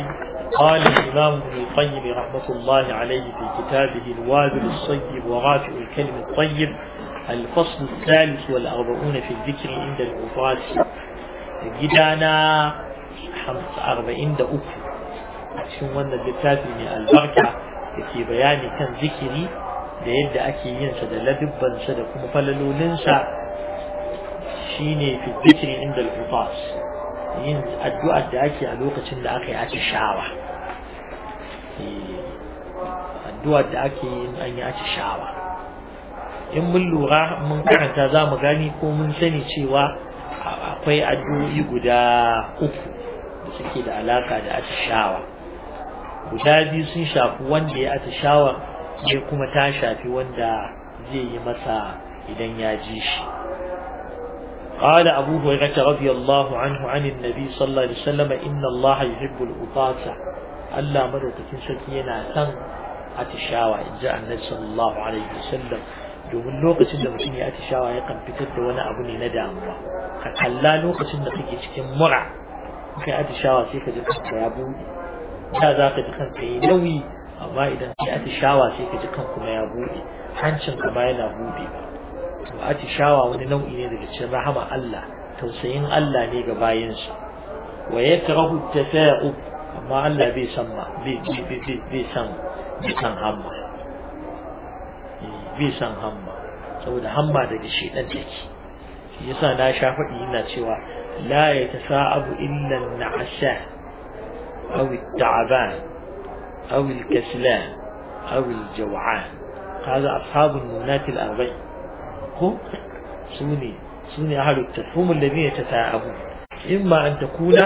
الرحيم قال الإمام ابن القيم رحمة الله عليه في كتابه الوابل الصيب ورافع الكلم الطيب الفصل الثالث والأربعون في الذكر عند العفاة جدانا خمس أربعين دا شو أن الكتاب من البركة في بيان كان ذكري da أكي ake لذبا sa da ladubbansa شيني في الذكر عند fi yin addu'ar da ake a lokacin da aka yi atishawa eh, addu'ar da ake yin an yi atishawa in mun lura mun karanta za mu gani ko mun sani cewa akwai addu'o'i guda uku da suke da alaka da atishawa guda biyu sun shafi wanda ya atishawa sai kuma ta shafi wanda zai yi masa idan ya ji shi قال أبو هريرة رضي الله عنه عن النبي صلى الله عليه وسلم إن الله يحب الأطاسة ألا مدوك تنسكينا تن أتشاوى إن جاء النبي صلى الله عليه وسلم domin lokacin da mutum ya atishawa yakan fitar da wani abu ne na damuwa ka kalla lokacin da kake cikin mura kai atishawa sai ka ji kanka ya buɗe da za ka ji kanka yi nauyi amma idan kai atishawa sai ka ji ya buɗe hancin ka yana buɗe to atishawa wani nau'i ne daga cikin rahama Allah tausayin Allah ne ga bayansa wa yakrahu tafa'ub amma Allah bai san ma bai bai bai san bai san hamma bai san hamma saboda hamma daga shedan take yasa na sha faɗi ina cewa la yatasa'abu illa an-na'asha aw at-ta'aban aw al-kaslan aw al-jaw'an هذا أصحاب النونات الأربعين سوني سوني أهل التفهيم الذين يتتاعبون إما أن تكون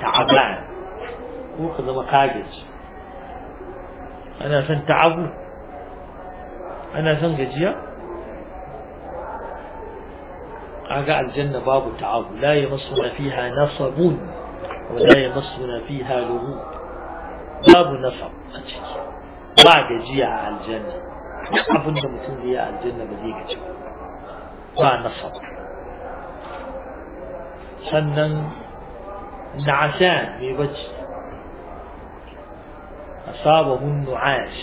تعبان وخذ مكاجز أنا سن تعب أنا سن جزية أقع الجنة باب تعب لا يمصنا فيها نصب ولا يمصنا فيها لغوب باب نصب بعد جيع الجنة duk abin da mutum zai yi aljanna ba zai gaji ba na sabu sannan na na'asan mai bacci a asabahun nu'ash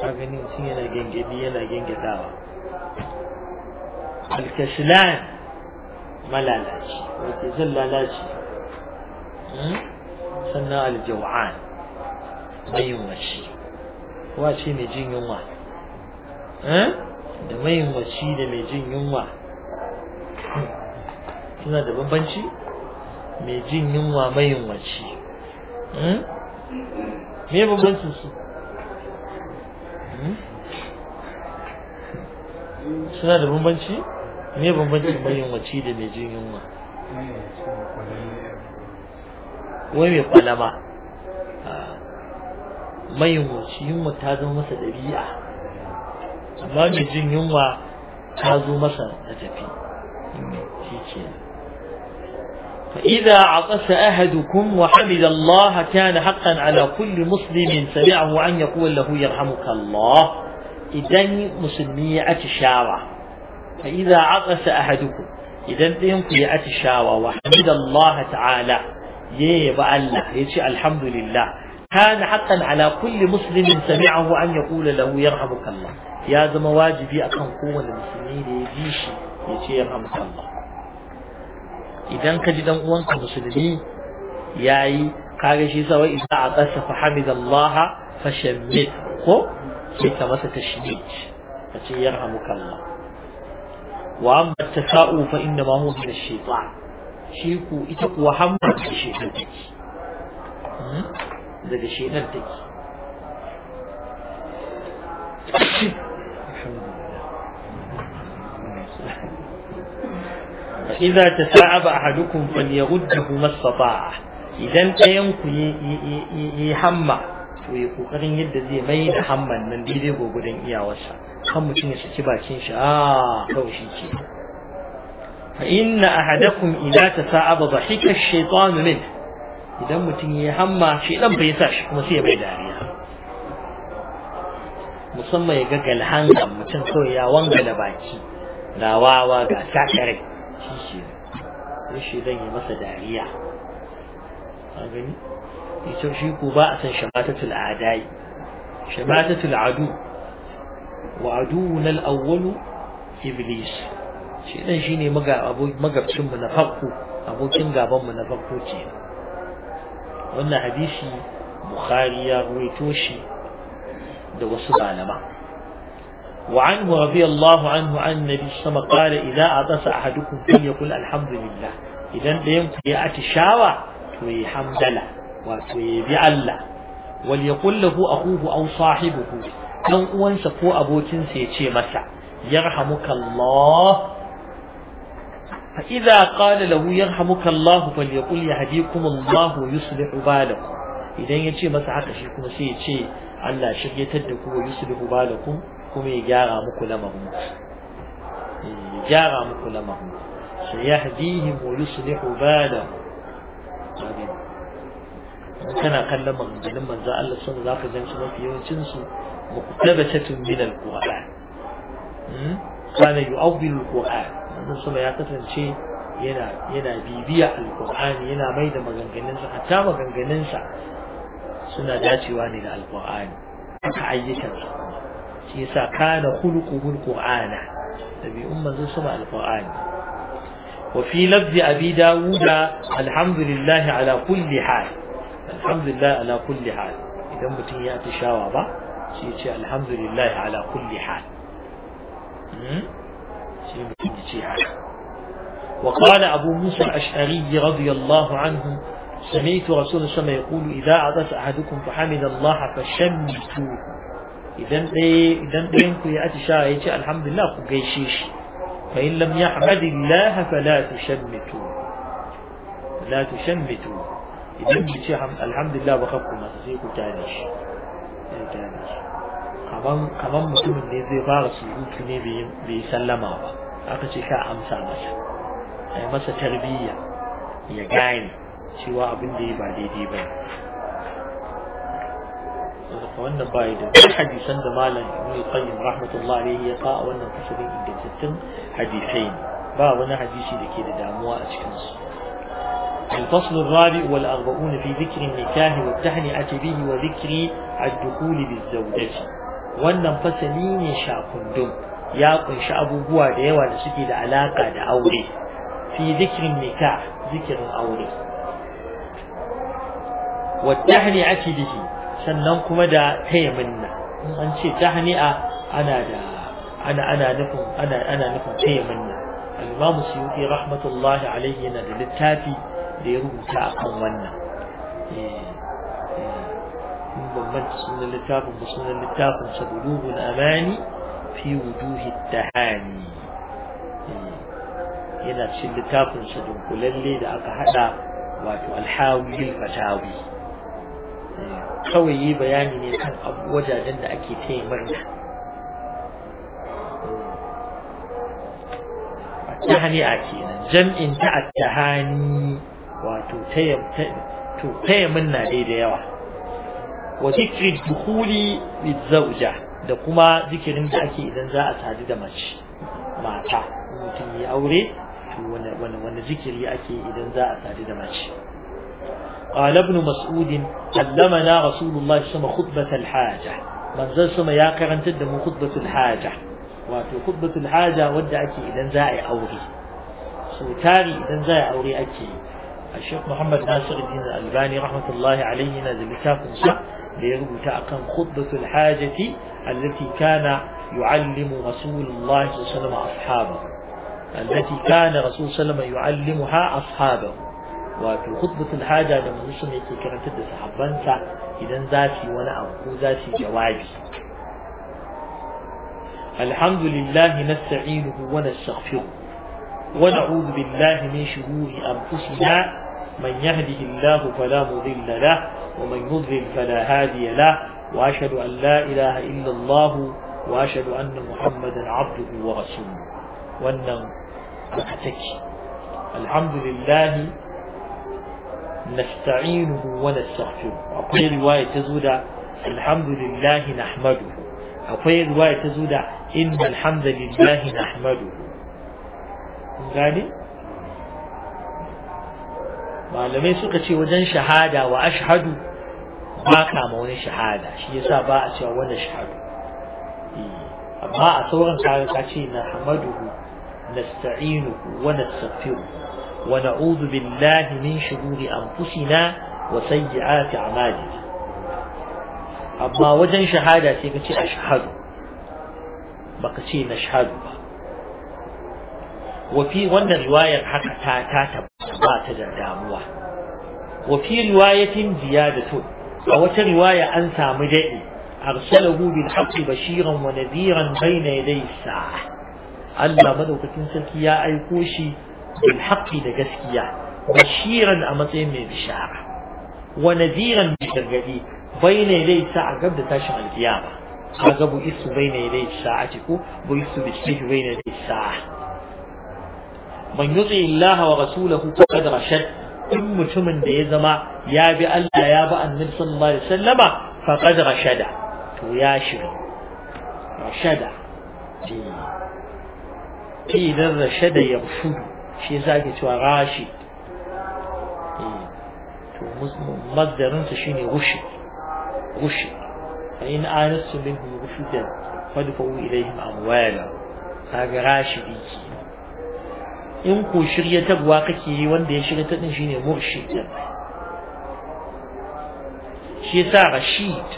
ka gani mutum yana gengedi yana gengadawa alkashilan malalaci wata zan lalaci sannan aljawa'an mai yunwaci ce mai jin yunwa eh? da mai wace da mai jin yunwa suna da bambanci mai jin yunwa mai wace eh? me bambancin su hmm? suna da bambanci me bambancin mai wace da mai jin yunwa wai mai kwalama mai yunwaci yunwa ta masa amma mai jin yunwa ta zo masa tafi shi ke فإذا عطس أحدكم وحمد الله كان حقا على كل مسلم سمعه أن يقول له يرحمك الله إذن مسلمية أتشاوى فإذا عطس أحدكم إذن تنقل أتشاوى وحمد الله تعالى يبقى الله يجي الحمد لله kana haqqan ala kulli muslimin sami'ahu an yaqula lahu yarhamuka ya zama wajibi akan kowane musulmi da ya ji shi ya ce yarhamuka Allah idan ka ji dan uwanka musulmi yayi kage shi sa wa idza aqasa fa hamidallaha fa shammit ko sai ka masa tashmit ka yarhamuka Allah wa amma tasa'u fa inna ma huwa min ash-shaytan shi ku ita kuwa hamma shi take زي ده شيء إذا تساعب أحدكم فليغده ما استطاع إذا انت ينكو يحمى ويقرن يد زي مين حمى من دي دي بوغدن إيا وشا خمو تنشي تبا تنشي آه توشي تي فإن أحدكم إذا تساعب ضحك الشيطان منه idan mutum ya hamma shi dan bai sa shi kuma sai bai dariya musamman ya ga galhan mutum kawai ya wanga da baki ga wawa ga sakare shi shi sai shi dan yi masa dariya a gani ita shi ko ba a san shamatatul adai shamatatul adu wa al iblis shi dan shine magabcin mu na farko abokin gaban mu na farko ce wannan hadisi bukhari ya ruwaito shi da wasu malama وعنه رضي الله عنه عن النبي صلى الله عليه وسلم قال إذا أبس أحدكم فليقل الحمد لله إذا بينكم يا أتشاوى توي حمد له وتوي بعلا وليقل له أخوه أو صاحبه أو أنسى أبو تنسي يتشي مسع يرحمك الله فإذا قال له يرحمك الله فليقل يهديكم الله ويصلح بالكم إذا يجي مسعك شيكم على الله شريتدكم ويصلح بالكم كم يجارى مكلمهم يجارى مكلمهم سيهديهم ويصلح بالهم كان kallon maganganun manzo Allah sun za ka gan su mafi yawancin su muqtabatatun min al-Qur'an annabi sama ya kasance yana yana bibiya alqur'ani yana mai da maganganunsa hatta maganganunsa suna dacewa ne da alqur'ani haka ayyukansa shi yasa kana khuluquhu alqur'ana tabi'un manzo sama alqur'ani وفي لفظ أبي داود الحمد لله على كل حال الحمد لله hal. Idan mutum ya متن يأتي شاوة الحمد لله على كل حال شيء ce وقال أبو موسى الأشعري رضي الله عنه سمعت رسول الله صلى يقول إذا عطس أحدكم فحمد الله فشمتوه إذا إيه، إذا بينكم يأتي أتشاء الحمد لله قيشيش فإن لم يحمد الله فلا تشمتوه لا تشمتوه إذا الحمد لله وخفكم ما تانيش إيه، تانيش كمان كمان مسلم النبي zai يقول النبي بيسلم عليه aka ce ka amsa masa a yi masa tarbiyya ya gane cewa abin da ya ba daidai ba daga wannan ba da hadisan da malam ibn qayyim rahmatullah alayhi ya ka wannan kusurin ingantattun hadisai ba wani hadisi da ke da damuwa a cikin su الفصل الرابع والأربعون في ذكر النكاح والتهنئة به وذكر الدخول بالزوجة wannan fasali ne shakundun ya kunshi abubuwa da yawa da suke da alaka da aure fi zikirin nika zikirin aure wattahni ake dihi sannan kuma da taya minna in an ce tahni'a ana da ana ana nufin ana ana nufin taya minna al-imamu suyuti rahmatullahi alayhi, yana da littafi da ya rubuta akan wannan من بمنت سنة للتاف وسنة للتاف سبلوغ amani. في وجوه التهاني yana cikin littafin su dunkulalle da aka hada wato alhawi lil fatawi kawai yi bayani ne kan wajajen da ake taya murna tahani a kenan jam'in ta attahani wato taya to taya murna dai da yawa wa zikri dukhuli bizawja da kuma zikirin da ake idan za a sadu da mace mata mutum ya aure to wani zikiri ake idan za a sadu da mace قال ابن مسعود علمنا رسول الله صلى خطبة الحاجة من سما يا كرنت دم خطبة الحاجة wato khutbatul haja wadda ake idan za a yi aure so tari idan za a yi aure ake a Sheikh Muhammad Nasiruddin Albani rahmatullahi alaihi na da littafin ليربط أقام خطبة الحاجة التي كان يعلم رسول الله صلى الله عليه وسلم أصحابه التي كان رسول صلى الله عليه وسلم يعلمها أصحابه وفي خطبة الحاجة لما نسمع يتكرم تد صحبانسا إذا ذاتي وأنا أبقو ذاتي جوابي الحمد لله نستعينه ونستغفره ونعوذ بالله من شرور أنفسنا من يهده الله فلا مضل له ومن يضلل فلا هادي له وأشهد أن لا إله إلا الله وأشهد أن محمدا عبده ورسوله وأنه أحتكي الحمد لله نستعينه ونستغفره أقول رواية تزود الحمد لله نحمده أقول رواية تزود إن الحمد لله نحمده قال malamai suka ce wajen shahada wa ashhadu ba ka ma wani shahada shi yasa ba a cewa wani shahadu amma a sauran kayan ka ce na hamaduhu nasta'inu wa nastaghfiru wa na'udhu billahi min shururi anfusina wa sayyi'ati a'malina amma wajen shahada sai ka ce ashhadu baka ce na shahadu ba wannan riwayar haka ta ta ba da damuwa wafi da ziyadatu a wata riwaya an samu da'i arsalahu bil haqqi bashiran wa nadhiran bayna yaday sa'a Allah madaukakin sarki ya aiko shi bil haqqi da gaskiya bashiran a matsayin mai bishara wa nadhiran bi gargadi bayna yaday sa'a gab da tashin alkiyama sa'a من يطع الله ورسوله فقد رشد ان متم ده يا زما يا بي الله يا بي النبي صلى الله عليه وسلم فقد رشد تو يا شيخ رشد في اذا رشد يرشد شي زاكي تو راشد تو مصدر انت شيني رشد رشد فان انست منهم رشدا فادفعوا اليهم اموالا هذا راشد in ku guwa kake yi wanda ya shirye ta din shine murshid shi yasa rashid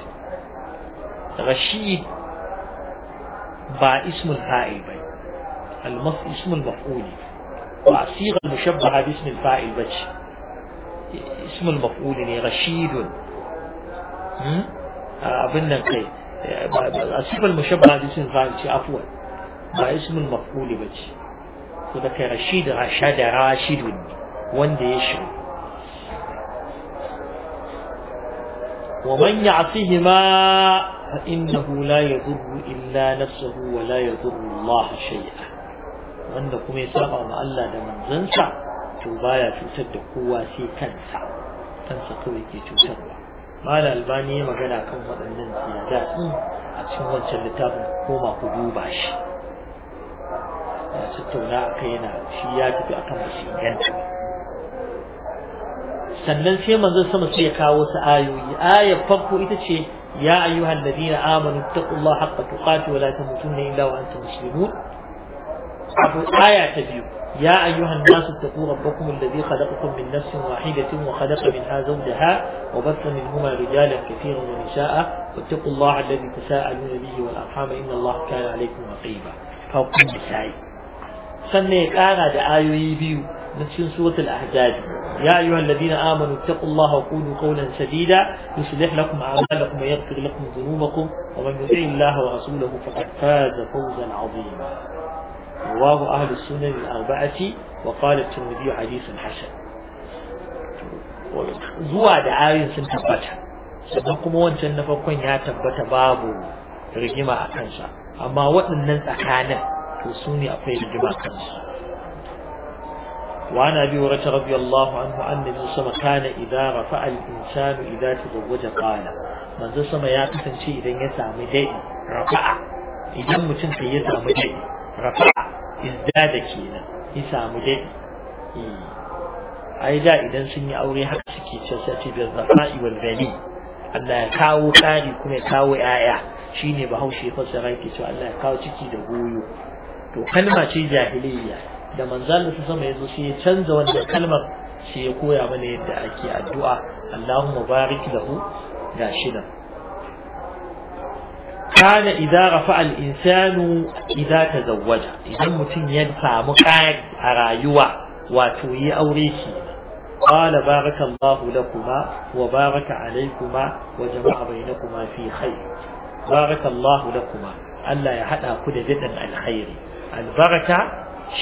rashid ba ismul fa'il ba mas ismul maf'ul ba siga mushabbaha bi ismul fa'il ba ce ismul maf'ul ne rashid hmm abin nan kai ba ba asibar mushabbaha bi ismul fa'il ce afwan ba ismul maf'ul ba ce so daga rashid rashada rashidun wanda ya shiru ومن يعصهما فإنه لا يضر إلا نفسه ولا يضر الله شيئا wanda kuma ya saba ma Allah da manzansa to baya cutar da kowa sai kansa kansa kawai ke cutarwa mala albani ya magana kan waɗannan ziyada a cikin wancan littafin koma ku duba shi tattauna a kai yana shi ya tafi akan ba shi inganta sannan sai manzon sama sai ya kawo su ayoyi ayar farko ita ce ya ayyuhal ladina amanu taqullaha haqqa tuqati wa la tamutunna illa wa antum muslimun abu aya ta biyu يا أيها الناس اتقوا ربكم الذي خلقكم من نفس واحدة وخلق منها زوجها وبث منهما رجالا كثيرا ونساء واتقوا الله الذي تساءلون به والأرحام إن الله كان عليكم رقيبا فوق النساء sannan ya ƙara da ayoyi biyu na cikin suratul ahzabi ya ayyuhal ladina amanu taqullaha qulu qawlan sadida yuslih lakum a'malakum wa yaghfir lakum dhunubakum wa man yuti illaha wa rasulahu faqad faza fawzan azima رواه أهل السنة الأربعة وقال الترمذي حديث حسن زوا دعاية سنتبتا سنقوم وانتن نفقين يا تبتا بابو رجيما أكنسا أما وطن ننت أكانا to su ne akwai rigima kansu wa ana bi wurata radiyallahu anhu annabi sama kana idza rafa al insanu idza tabawaja qala manzo sama ya kasance idan ya samu dai rafa'a idan mutum kai ya samu dai rafa'a izdada kenan ya samu dai eh. ai da idan sun yi aure haka suke ce sai ce bil rafa'i wal bani Allah ya kawo kari kuma ya kawo yaya Shi ne bahaushe fa sai ranki cewa Allah ya kawo ciki da goyo to kalma ce jahiliya da manzalin su sama yazo shi ya canza wannan kalmar shi ya koya mana yadda ake addu'a Allahumma barik lahu gashi nan kana idza rafa al insanu idza tazawwaja idan mutum ya samu kayan a rayuwa wato yi aure shi qala barakallahu lakuma wa baraka alaykuma wa jama'a bainakuma fi khair barakallahu lakuma Allah ya hada ku da daɗin alkhairi البركة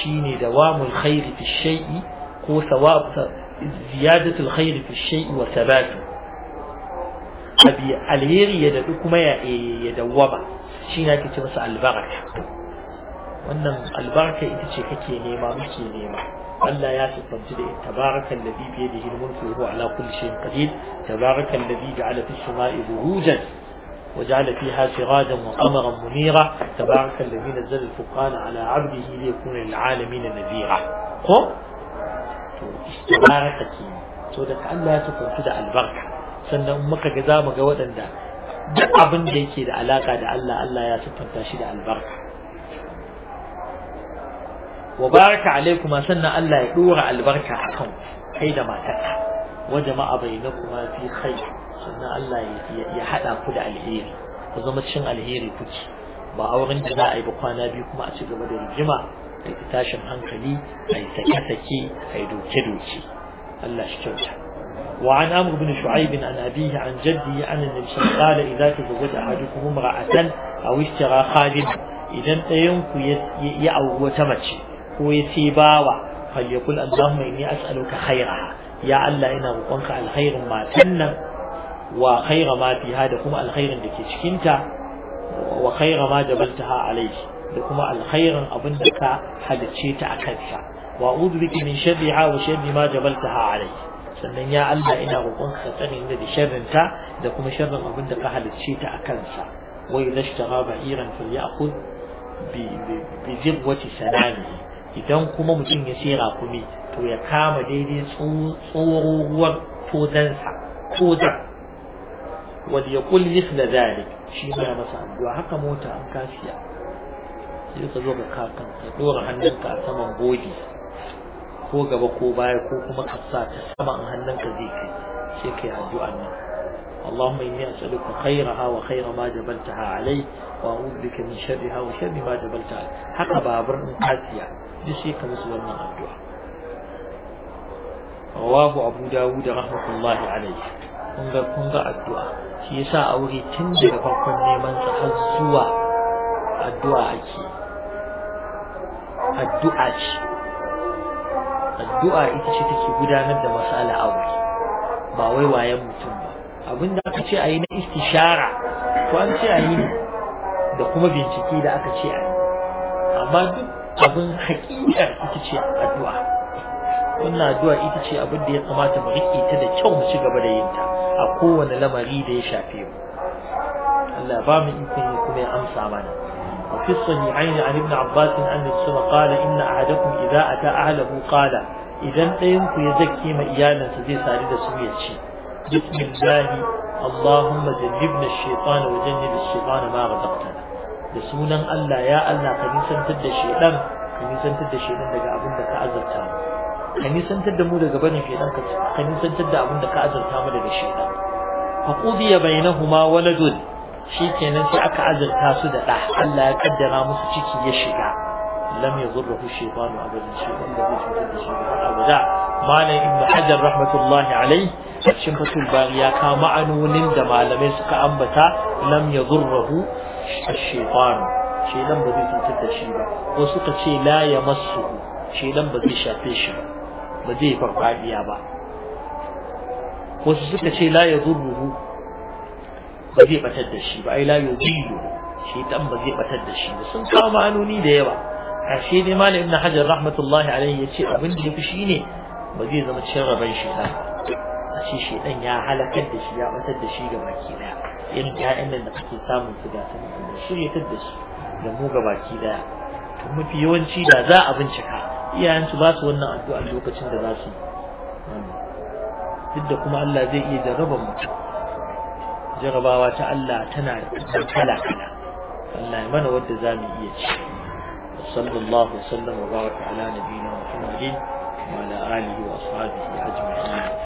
شيني دوام الخير في الشيء هو ثواب زيادة الخير في الشيء وثباته أبي الهير يدوما شينا كتير بس البركة وأن البركة إنت شكك ينيما مكي ينيما ألا ياسف مجده تبارك الذي بيده الملك وهو على كل شيء قدير تبارك الذي جعل في السماء بروجا وجعل فيها سراجا وقمرا منيرا تبارك الذي نزل الفرقان على عبده ليكون للعالمين نذيرا ko to istibaraka ke to da Allah ya tafi da albarka sannan muka ga zamu ga waɗanda duk abin da yake da alaka da Allah Allah ya siffanta shi da albarka wa baraka alaikum sannan Allah ya dora albarka akan kai da matarka wa jama'a bainakum fi sannan Allah ya haɗa ku da alheri ku zama cin alheri kuke ba auren da za a yi ba kwana biyu kuma a ci gaba da rigima a yi tashin hankali a yi sake-sake a yi doke-doke Allah shi kyauta وعن عمرو بن شعيب عن أبيه عن جده عن النبي قال إذا تزوج أحدكم امرأة أو اشترى ko إذا أيمكم يأو وتمشي هو يسيباوة فليقل اللهم إني أسألك خيرها يا الله إنا وقنك الخير ما تنم wa khaira ma fiha da kuma alkhairin da ke cikinta wa khaira ma jabaltaha alayhi da kuma alkhairin abin da ka halicce ta a kansa wa a'udhu bika min sharriha wa sharri ma jabaltaha alayhi sannan ya Allah ina roƙon ka tsare ni da sharrin ta da kuma sharrin abin da ka halicce ta a kansa wa idza ishtara ba'iran falyakhudh bi bi jibwati sanani, idan kuma mutum ya sai rakumi to ya kama daidai tsoron ruwan tozansa tozan wal yaqul mithla zalik shi ma masa addu'a haka mota an kasiya sai ka zo ka kakan ka dora hannunka a saman bodi ko gaba ko baya ko kuma ka sa ta saman hannunka zai kai sai kai addu'an nan اللهم إني أسألك خيرها وخير ما جبلتها علي وأعوذ بك من شرها وشر ما جبلتها علي حق بابر قاسية بشيك مسلمنا الدعاء رواه أبو داود رحمة الله عليه kun ga kun ga addu'a shi yasa aure tun daga farkon neman sa har zuwa addu'a ake addu'a ce addu'a ita ce take gudanar da masala aure ba wai wayan mutum ba abin da aka ce a yi na istishara ko an ce a yi da kuma bincike da aka ce a yi amma duk abin hakikar ita ce addu'a wannan addu'a ita ce abin da ya kamata mu riƙe ta da kyau mu ci gaba da yin ta a kowane lamari da ya shafe mu Allah ba mu yi kuma ya amsa mana a fiskon yi hanyar alibin abbasin an da su ma kala inna a hadakun idan a ta ahalabu kala idan ɗayan ku ya zakke ma iyalansa zai sadu da su ya ci duk min zahi allahumma jallibna shaitan wa jannibi shaitan ma razaqtana da sunan Allah ya Allah ka nisantar da shaitan ka nisantar da shaitan daga abin da ka azabta ka nisantar da mu daga barin shedan ka ka nisantar da abin da ka azurta mu daga shedan fa qudiya bainahuma waladun shikenan sai aka azurta su da ɗa Allah ya kaddara musu ciki ya shiga lam yadurruhu shaytanu abadan shaytan da zai cutar da shi ba abada malam ibn hajar rahmatullahi alayhi cikin fatul bari ya kawo ma'anonin da malamai suka ambata lam yadurruhu shaytan shaytan ba zai cutar da shi ba wasu ka ce la yamassu shaytan ba zai shafe shi ba ba zai farfadiya ba wasu suka ce laye ya zurruhu ba zai batar da shi ba ai la yubillu shaitan ba zai batar da shi ba sun kawo ma'anoni da yawa ashe ne malam ibn hajar rahmatullahi alaihi ce abin da ya yafi ne? ba zai zama cin raban ba. a ce shaitan ya halakar da shi ya batar da shi ga baki daya irin ƴaƴan nan da kake samun su ga ta mutum da shiryatar da shi da mu ga baki daya mafi yawanci da za a bincika iyayensu ba su wannan addu'a lokacin da za su duk da kuma Allah zai iya jarraba mutum jarabawa ta Allah tana da kala kala Allah ya mana wadda za mu iya ci sallallahu alaihi sallam wa baraka ala nabiyina muhammadin wa ala alihi wa ashabihi ajma'in